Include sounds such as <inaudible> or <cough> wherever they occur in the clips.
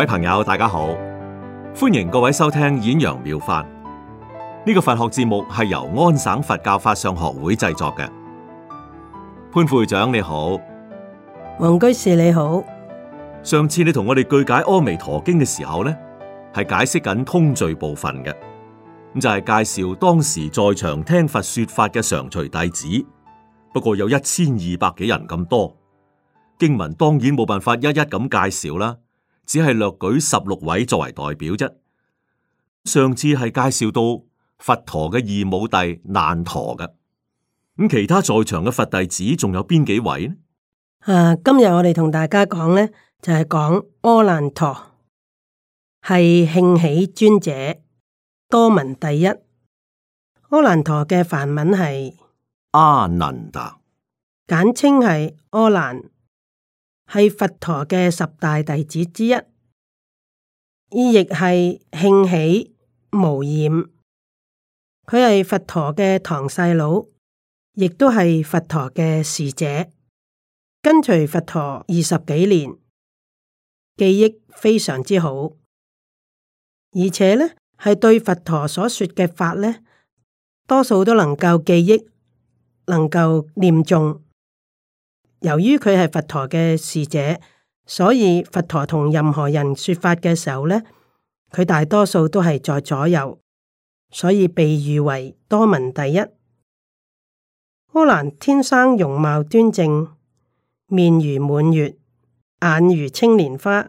各位朋友，大家好，歡迎各位收聽《演揚妙，妙法》呢、這個佛學節目，係由安省佛教法上學會製作嘅。潘副會長你好，黃居士你好。上次你同我哋句解《阿彌陀經》嘅時候咧，係解釋緊通序部分嘅，咁就係、是、介紹當時在場聽佛說法嘅常隨弟子。不過有一千二百幾人咁多，經文當然冇辦法一一咁介紹啦。只係略舉十六位作為代表啫。上次係介紹到佛陀嘅異母弟難陀嘅，咁其他在場嘅佛弟子仲有邊幾位呢？誒、啊，今日我哋同大家講咧，就係、是、講阿難陀，係興起尊者，多聞第一。阿難陀嘅梵文係阿難達，簡稱係阿難。係佛陀嘅十大弟子之一，亦係興起無染。佢係佛陀嘅堂細佬，亦都係佛陀嘅侍者，跟隨佛陀二十幾年，記憶非常之好，而且呢，係對佛陀所說嘅法呢，多數都能夠記憶，能夠念誦。由於佢係佛陀嘅侍者，所以佛陀同任何人說法嘅時候咧，佢大多數都係在左右，所以被譽為多聞第一。柯蘭天生容貌端正，面如滿月，眼如青蓮花，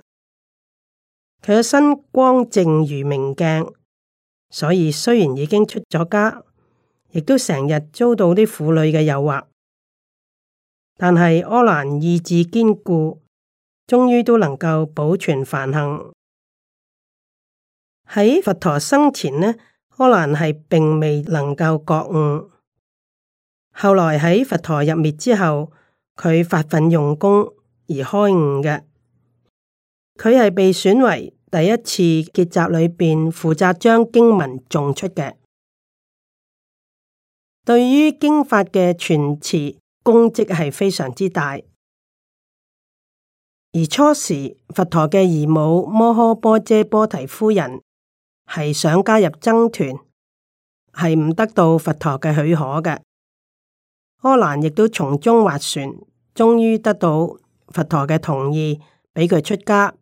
佢嘅身光正如明鏡，所以雖然已經出咗家，亦都成日遭到啲婦女嘅誘惑。但係阿難意志堅固，終於都能夠保存梵行。喺佛陀生前呢，阿難係並未能夠覺悟。後來喺佛陀入滅之後，佢發奮用功而開悟嘅。佢係被選為第一次結集裏邊負責將經文誦出嘅。對於經法嘅詮釋，功績係非常之大，而初時佛陀嘅姨母摩訶波遮波提夫人係想加入僧團，係唔得到佛陀嘅許可嘅。阿難亦都從中斡旋，終於得到佛陀嘅同意，畀佢出家。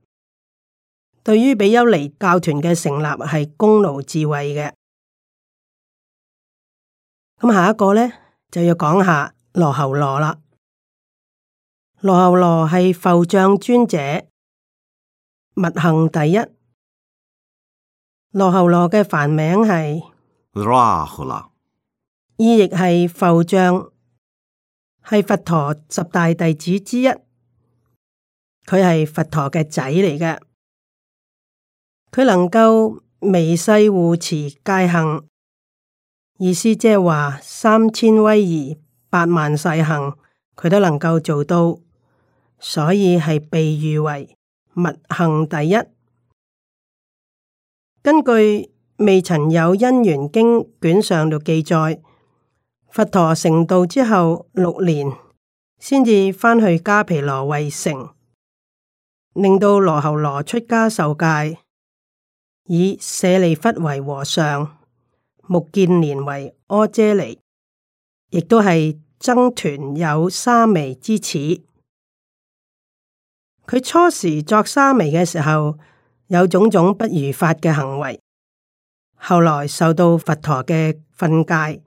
對於比丘尼教團嘅成立係功勞至偉嘅。咁下一個咧就要講下。羅喉羅啦，羅喉羅係覆障尊者，密行第一。羅喉羅嘅梵名係羅喉羅，意譯係覆障，係佛陀十大弟子之一。佢係佛陀嘅仔嚟嘅，佢能夠微細護持戒行，意思即係話三千威儀，八萬世行，佢都能夠做到，所以係被譽為密行第一。根據《未曾有因緣經》卷上嘅記載，佛陀成道之後六年，先至返去加皮羅衛城，令到羅侯羅出家受戒，以舍利弗為和尚，目犍連為阿闍梨。亦都係僧團有沙彌之始。佢初時作沙彌嘅時候，有種種不如法嘅行為，後來受到佛陀嘅訓誡，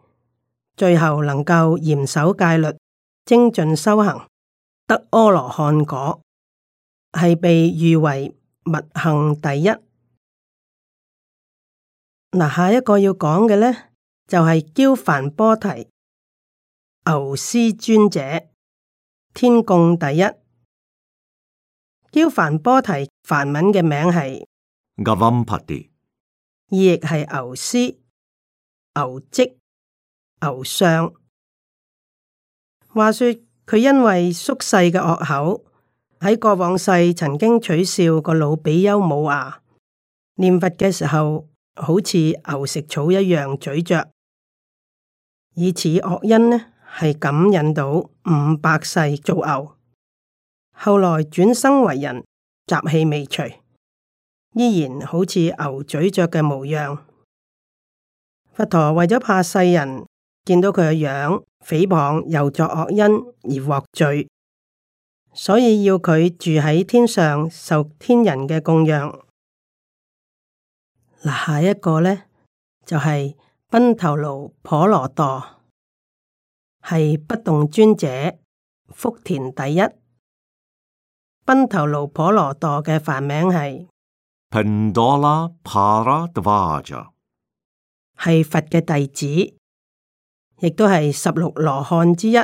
最後能夠嚴守戒律，精進修行，得阿羅漢果，係被譽為密行第一。嗱，下一個要講嘅咧，就係、是、憍梵波提。牛師尊者天供第一，叫梵波提梵文嘅名係 Gavampati 亦係牛師、牛迹、牛相。話說佢因為宿世嘅惡口，喺過往世曾經取笑個老比丘冇牙念佛嘅時候好似牛食草一樣咀嚼，以此惡因呢？係感引到五百世做牛，後來轉生為人，習氣未除，依然好似牛嘴嚼嘅模樣。佛陀為咗怕世人見到佢嘅樣誹謗，又作惡因而獲罪，所以要佢住喺天上受天人嘅供養。嗱，下一個咧就係、是、賓頭盧頗羅墮，係不動尊者，福田第一。賓頭盧婆羅墮嘅梵名係 Pandola Paradvaja，係佛嘅弟子，亦都係十六羅漢之一，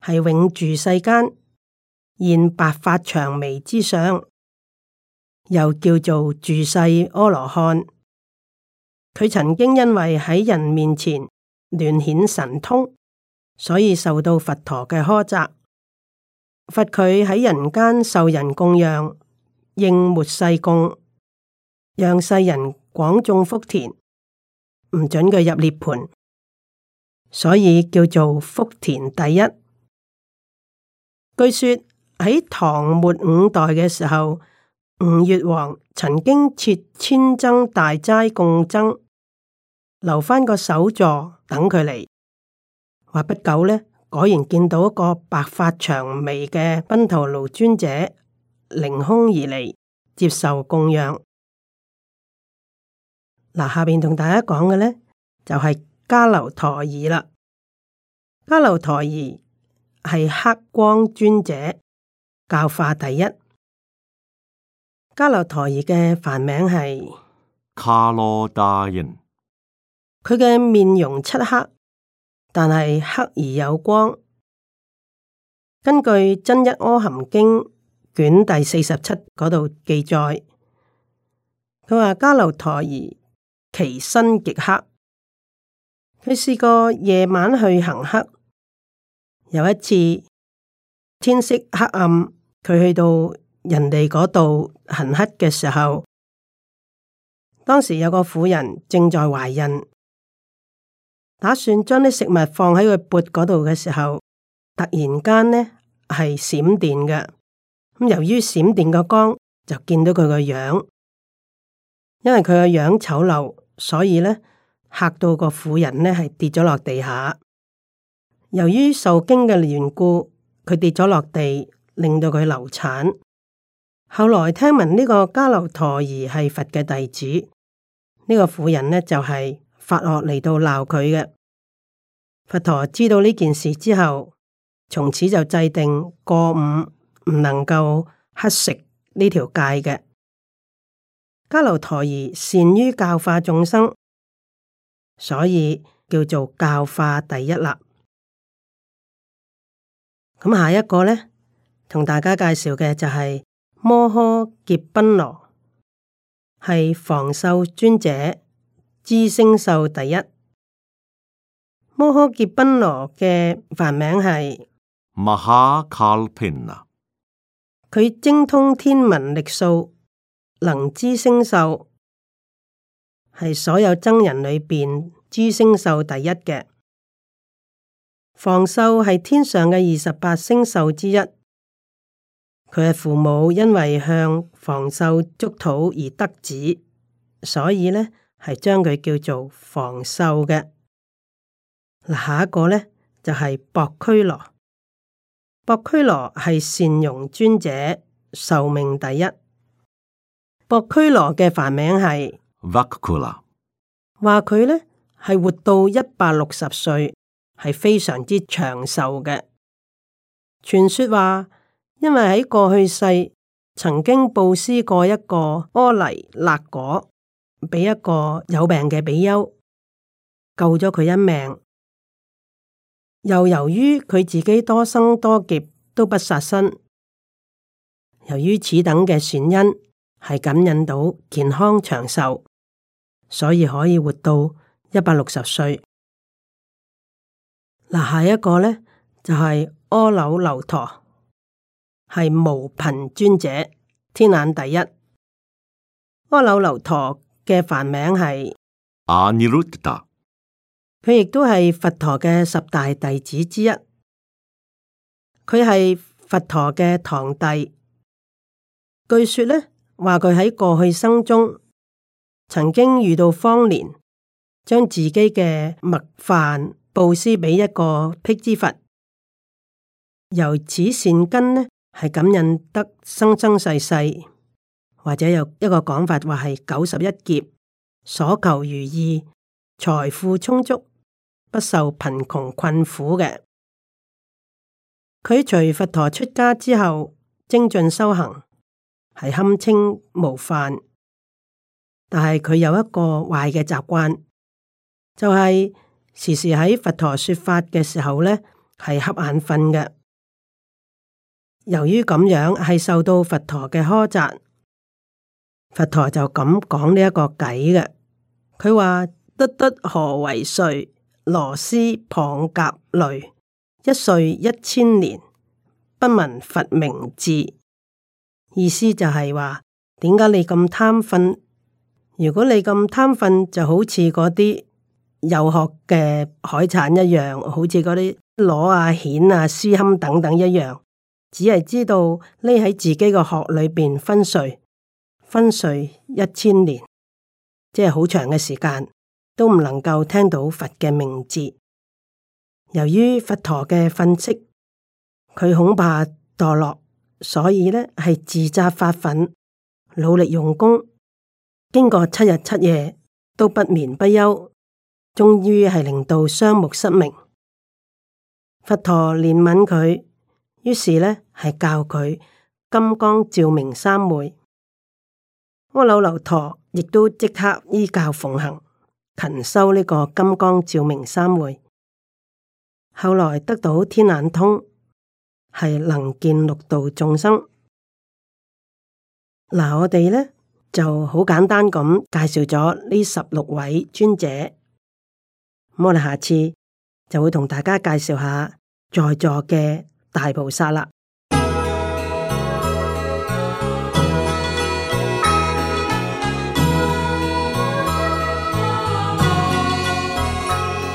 係永住世間，現白髮長眉之相，又叫做住世阿羅漢。佢曾經因為喺人面前。亂顯神通，所以受到佛陀嘅訶責。罰佢喺人間受人供養，應末世供，讓世人廣種福田，唔准佢入涅槃，所以叫做福田第一。據說喺唐末五代嘅時候，吳越王曾經設千僧大齋供僧。留返個手座等佢嚟，話不久咧，果然見到一個白髮長眉嘅賓頭盧尊者凌空而嚟，接受供養。嗱，下邊同大家講嘅咧就係、是、迦留陀夷啦。迦留陀夷係黑光尊者，教化第一。迦留陀夷嘅梵名係卡羅大人。佢嘅面容漆黑，但係黑而有光。根據《真一阿含經》卷第四十七嗰度記載，佢話迦樓陀夷其身極黑。佢試過夜晚去行乞，有一次天色黑暗，佢去到人哋嗰度行乞嘅時候，當時有個婦人正在懷孕。打算將啲食物放喺佢缽嗰度嘅時候，突然間呢係閃電嘅。咁由於閃電個光就見到佢個樣，因為佢個樣醜陋，所以呢吓到個婦人呢係跌咗落地下。由於受驚嘅緣故，佢跌咗落地，令到佢流產。後來聽聞呢個迦留陀夷係佛嘅弟子，呢、這個婦人呢就係、是、發學嚟到鬧佢嘅。佛陀知道呢件事之後，從此就制定過午唔能夠乞食呢條戒嘅。迦留陀夷善於教化眾生，所以叫做教化第一啦。咁下一個呢，同大家介紹嘅就係摩訶劫賓羅，係房宿尊者知星宿第一。摩訶杰賓羅嘅梵名係 Mahakalpina，佢精通天文歷數，能知星宿，係所有僧人裏邊知星宿第一嘅。房宿係天上嘅二十八星宿之一，佢嘅父母因為向房宿祝禱而得子，所以咧係將佢叫做房宿嘅。嗱，下一個咧就係博俱羅。博俱羅係善容尊者壽命第一。博俱羅嘅梵名係 Vakula，話佢咧係活到一百六十歲，係非常之長壽嘅。傳說話，因為喺過去世曾經布施過一個訶梨勒果，俾一個有病嘅比丘救咗佢一命。又由於佢自己多生多劫都不殺生，由於此等嘅善因係感引到健康長壽，所以可以活到一百六十歲。嗱，下一個咧就係阿耨留陀，係無貧尊者，天眼第一。阿耨留陀嘅梵名係佢亦都係佛陀嘅十大弟子之一，佢係佛陀嘅堂弟。據說呢話佢喺過去生中曾經遇到方年，將自己嘅麥飯布施俾一個辟支佛，由此善根呢係感應得生生世世，或者有一個講法話係九十一劫，所求如意，財富充足。不受貧窮困苦嘅。佢隨佛陀出家之後精進修行，係堪稱無犯。但係佢有一個壞嘅習慣，就係、是、時時喺佛陀說法嘅時候呢，係瞌眼瞓嘅。由於咁樣係受到佛陀嘅訶責，佛陀就咁講呢一個偈嘅，佢話得得何為睡？螺螄蚌蛤類，一睡一千年，不聞佛名字。意思就係話，點解你咁貪瞓？如果你咁貪瞓，就好似嗰啲有殼嘅海產一樣，好似嗰啲螺啊、蜆啊、疏襟等等一樣，只係知道匿喺自己個殼裏邊昏睡，昏睡一千年，即係好長嘅時間。都唔能夠聽到佛嘅名字。由於佛陀嘅訓斥，佢恐怕墮落，所以呢係自責發憤，努力用功，經過七日七夜都不眠不休，終於係令到雙目失明。佛陀憐憫佢，於是呢係教佢金剛照明三昧。阿耨流陀亦都即刻依教奉行。勤修呢個金剛照明三會，後來得到天眼通，係能見六道眾生。嗱，我哋咧就好簡單咁介紹咗呢十六位尊者。我哋下次就會同大家介紹下在座嘅大菩薩啦。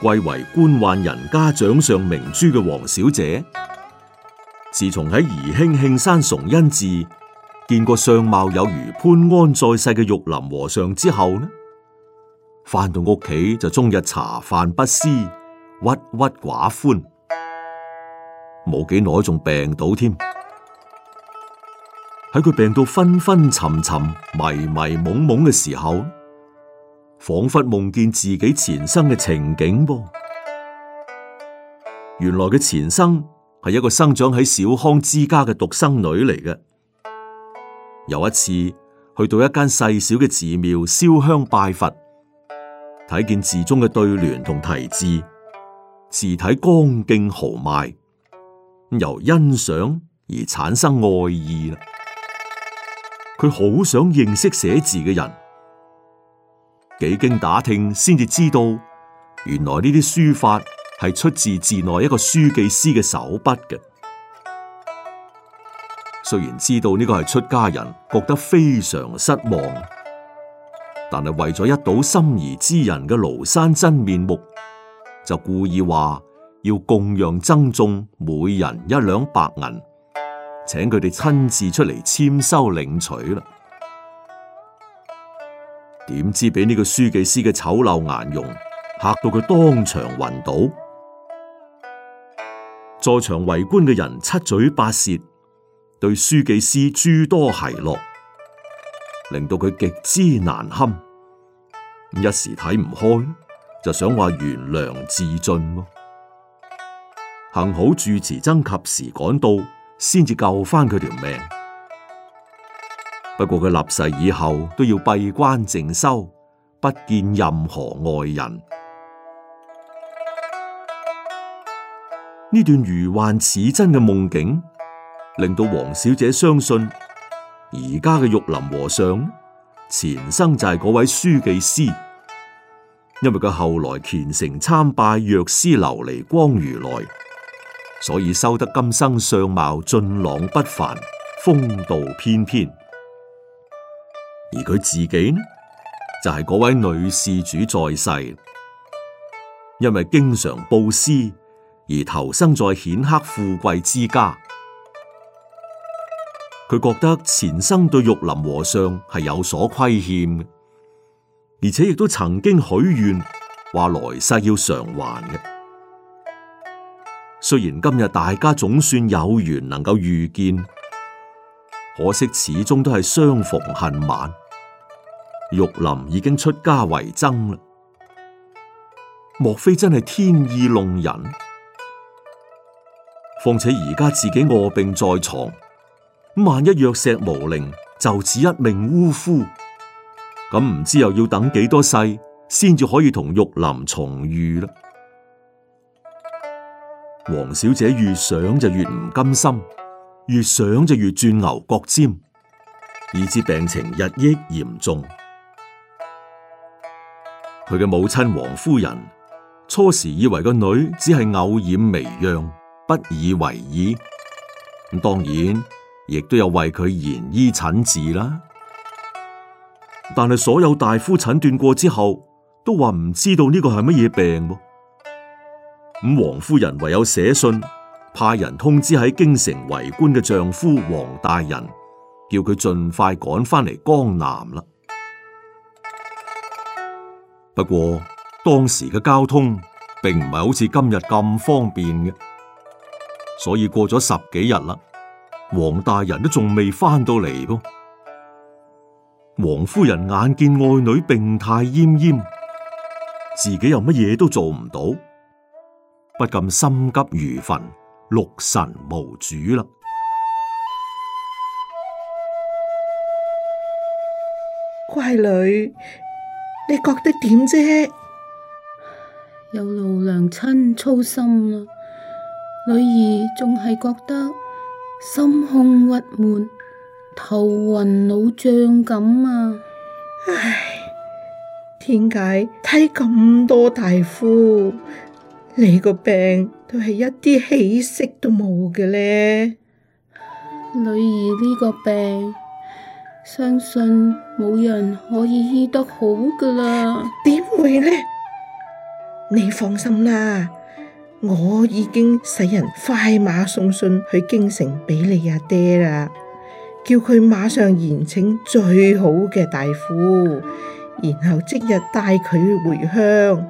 貴為官宦人家掌上明珠嘅王小姐，自從喺宜興慶山崇恩寺見過相貌有如潘安在世嘅玉林和尚之後呢，翻到屋企就終日茶飯不思，鬱鬱寡歡，冇幾耐仲病倒添。喺佢病到昏昏沉沉、迷迷蒙蒙嘅時候。仿佛夢見自己前生嘅情景噃、哦，原來嘅前生係一個生長喺小康之家嘅獨生女嚟嘅。有一次去到一間細小嘅寺廟燒香拜佛，睇見寺中嘅對聯同題字，字體剛勁豪邁，由欣賞而產生愛意啦。佢好想認識寫字嘅人。幾經打聽，先至知道原來呢啲書法係出自寺內一個書記師嘅手筆嘅。雖然知道呢個係出家人，覺得非常失望，但係為咗一睹心儀之人嘅廬山真面目，就故意話要供養僧眾每人一兩百銀，請佢哋親自出嚟簽收領取啦。點知俾呢個書記師嘅醜陋顏容嚇到佢當場暈倒，在場圍觀嘅人七嘴八舌，對書記師諸多奚落，令到佢極之難堪，一時睇唔開，就想話懸梁自盡。幸好住持僧及時趕到，先至救返佢條命。不過佢立誓以後都要閉關靜修，不見任何外人。呢 <noise> 段如幻似真嘅夢境，令到黃小姐相信，而家嘅玉林和尚前生就係嗰位書記師，因為佢後來虔誠參拜藥師琉璃光如來，所以修得今生相貌俊朗不凡，風度翩翩。而佢自己呢，就係嗰位女事主在世，因為經常布施而投生在顯赫富貴之家。佢覺得前生對玉林和尚係有所虧欠，而且亦都曾經許願話來世要償還嘅。雖然今日大家總算有緣能夠遇見，可惜始終都係相逢恨晚。玉林已經出家為僧啦，莫非真係天意弄人？況且而家自己臥病在床，萬一藥石無靈，就此一命嗚呼，咁唔知道又要等幾多世，先至可以同玉林重遇啦。黃小姐越想就越唔甘心，越想就越鑽牛角尖，以致病情日益嚴重。佢嘅母親王夫人初時以為個女只係偶然微恙，不以為意。咁當然亦都有為佢延醫診治啦。但係所有大夫診斷過之後，都話唔知道呢個係乜嘢病。咁王夫人唯有寫信派人通知喺京城為官嘅丈夫王大人，叫佢盡快趕翻嚟江南啦。不過當時嘅交通並唔係好似今日咁方便嘅，所以過咗十幾日啦，王大人都仲未翻到嚟噃。王夫人眼見愛女病態奄奄，自己又乜嘢都做唔到，不禁心急如焚，六神無主啦。乖女。你覺得點啫？有勞娘親操心啦，女兒仲係覺得心胸鬱悶、頭暈腦脹咁啊！唉，點解睇咁多大夫，你個病都係一啲起色都冇嘅咧？女兒呢個病。相信冇人可以醫得好噶啦，點會呢？你放心啦，我已經使人快馬送信去京城俾你阿爹啦，叫佢馬上延請最好嘅大夫，然後即日帶佢回鄉。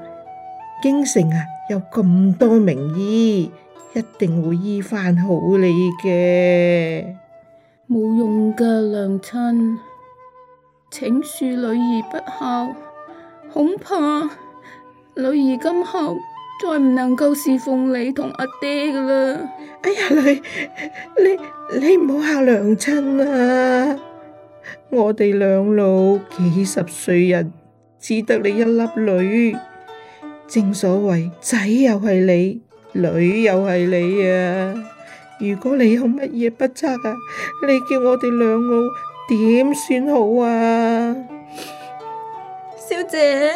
京城啊，有咁多名醫，一定會醫翻好你嘅。冇用㗎，娘親，請恕女兒不孝，恐怕女兒今後再唔能夠侍奉你同阿爹㗎啦。哎呀，女，你你唔好嚇娘親啊！我哋兩老幾十歲人，只得你一粒女，正所謂仔又係你，女又係你啊！如果你有乜嘢不測啊，你叫我哋兩老點算好啊？小姐，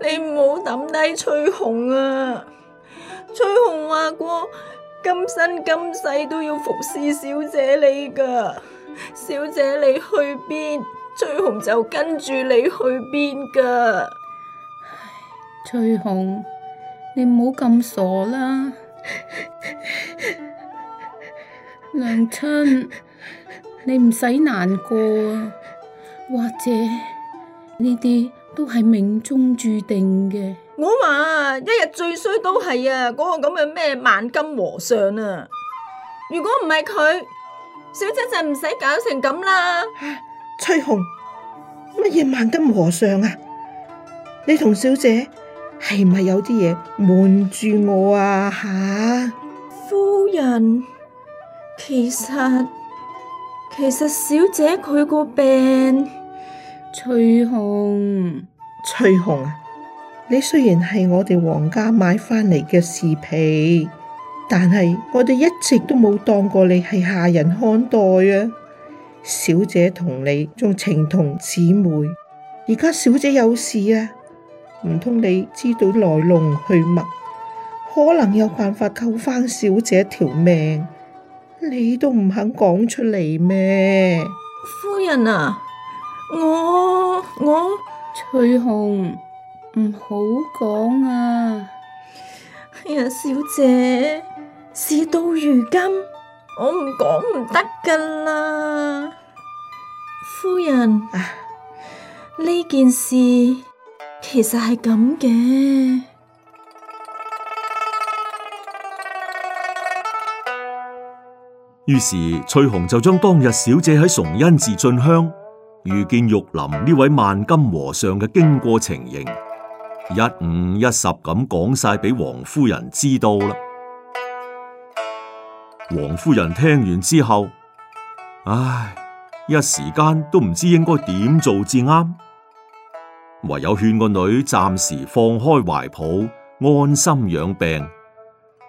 你唔好抌低翠紅啊！翠紅話過，今生今世都要服侍小姐你噶。小姐你去邊，翠紅就跟住你去邊噶。翠紅，你唔好咁傻啦。 <laughs> 娘親，你唔使難過啊，或者呢啲都係命中注定嘅。我話啊，一日最衰都係啊嗰個咁嘅咩萬金和尚啊！如果唔係佢，小姐就唔使搞成咁啦。翠紅，乜嘢萬金和尚啊？你同小姐係咪有啲嘢瞞住我啊？吓，夫人。其實其實，其實小姐佢個病翠紅翠紅啊！你雖然係我哋皇家買翻嚟嘅侍婢，但係我哋一直都冇當過你係下人看待啊。小姐同你仲情同姊妹，而家小姐有事啊，唔通，你知道來龍去脈，可能有辦法救翻小姐條命，你都唔肯講出嚟咩？夫人啊，我我翠紅唔好講啊！哎呀，小姐，事到如今，我唔講唔得噶啦，啊、夫人。呢、啊、件事其實係咁嘅。於是翠紅就將當日小姐喺崇恩寺進香遇見玉林呢位萬金和尚嘅經過情形一五一十咁講晒俾王夫人知道啦。王夫人聽完之後，唉，一時間都唔知應該點做至啱，唯有勸個女暫時放開懷抱，安心養病。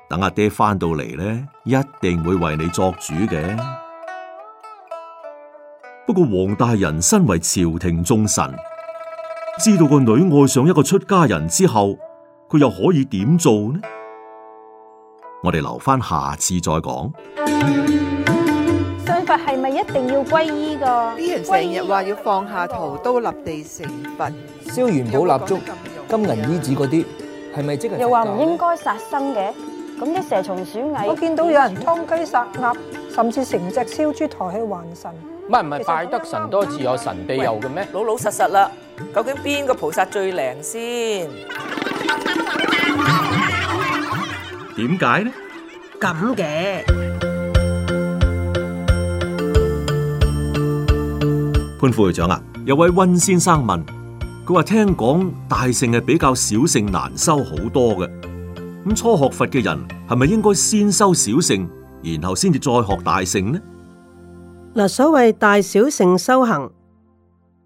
等阿爹翻到嚟咧，一定會為你作主嘅。不過黃大人身為朝廷重臣，知道個女愛上一個出家人之後，佢又可以點做呢？我哋留翻下，下次再講。信佛係咪一定要皈依噶？啲人成日話要放下屠刀立地成佛，燒元寶有有蠟燭、蠟燭、金銀衣紙嗰啲，係咪即係又話唔應該殺生嘅？咁啲蛇蟲鼠蟻，我見到有人劏雞殺鴨，甚至成隻燒豬抬去還神。唔係，唔係拜得神多自有神庇佑嘅咩？老老實實啦，究竟邊個菩薩最靈先？點解呢？咁嘅潘副會長啊，有位温先生問，佢話聽講大乘係比較小乘難修好多嘅。咁初學佛嘅人係咪應該先修小乘，然後先至再學大乘呢？嗱，所謂大小乘修行，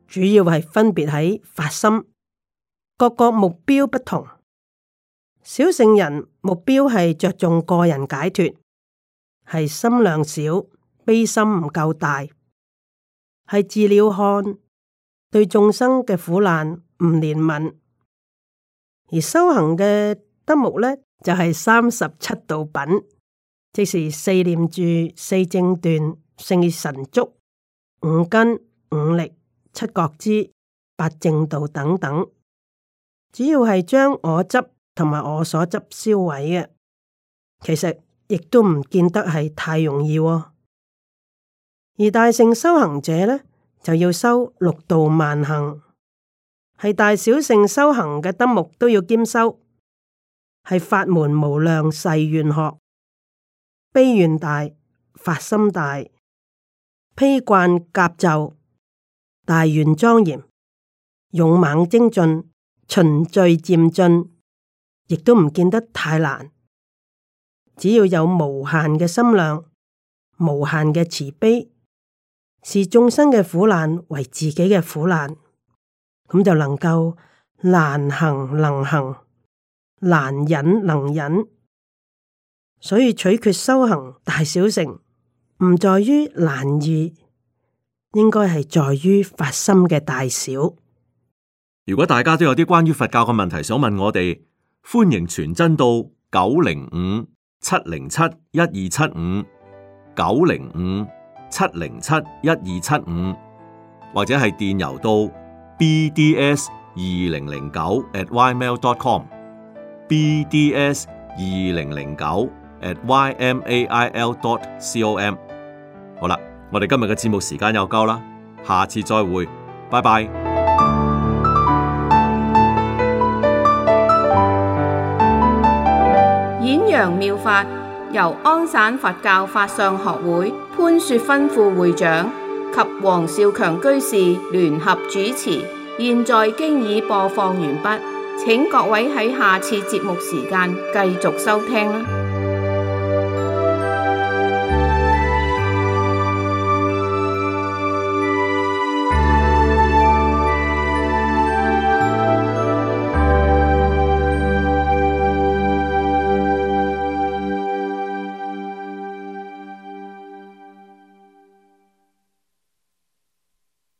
主要係分別喺發心，各個目標不同。小乘人目標係着重個人解脫，係心量小，悲心唔夠大，係自了漢對眾生嘅苦難唔憐憫，而修行嘅。德目呢，就係三十七道品，即是四念住、四正斷、四神足、五根、五力、七覺支、八正道等等。主要係將我執同埋我所執消毀嘅，其實亦都唔見得係太容易喎。而大乘修行者呢，就要修六度萬行，係大小乘修行嘅德目都要兼修。係法門無量誓願學，悲願大，發心大，披冠甲胄，大願莊嚴，勇猛精進，循序漸進，亦都唔見得太難。只要有無限嘅心量，無限嘅慈悲，視眾生嘅苦難為自己嘅苦難，咁就能夠難行能行。難忍能忍，所以取決修行大小乘，唔在於難易，應該係在於發心嘅大小。如果大家都有啲關於佛教嘅問題想問我哋，歡迎傳真到九零五七零七一二七五九零五七零七一二七五，75, 75，或者係電郵到 bds 二零零九 @ymail.com。BDS 二零零九 at ymail.com 好啦，我哋今日嘅節目時間又夠啦，下次再會，拜拜。演揚妙法由安省佛教法相學會潘雪芬副會長及黃少強居士聯合主持，現在經已播放完畢。請各位喺下次節目時間繼續收聽。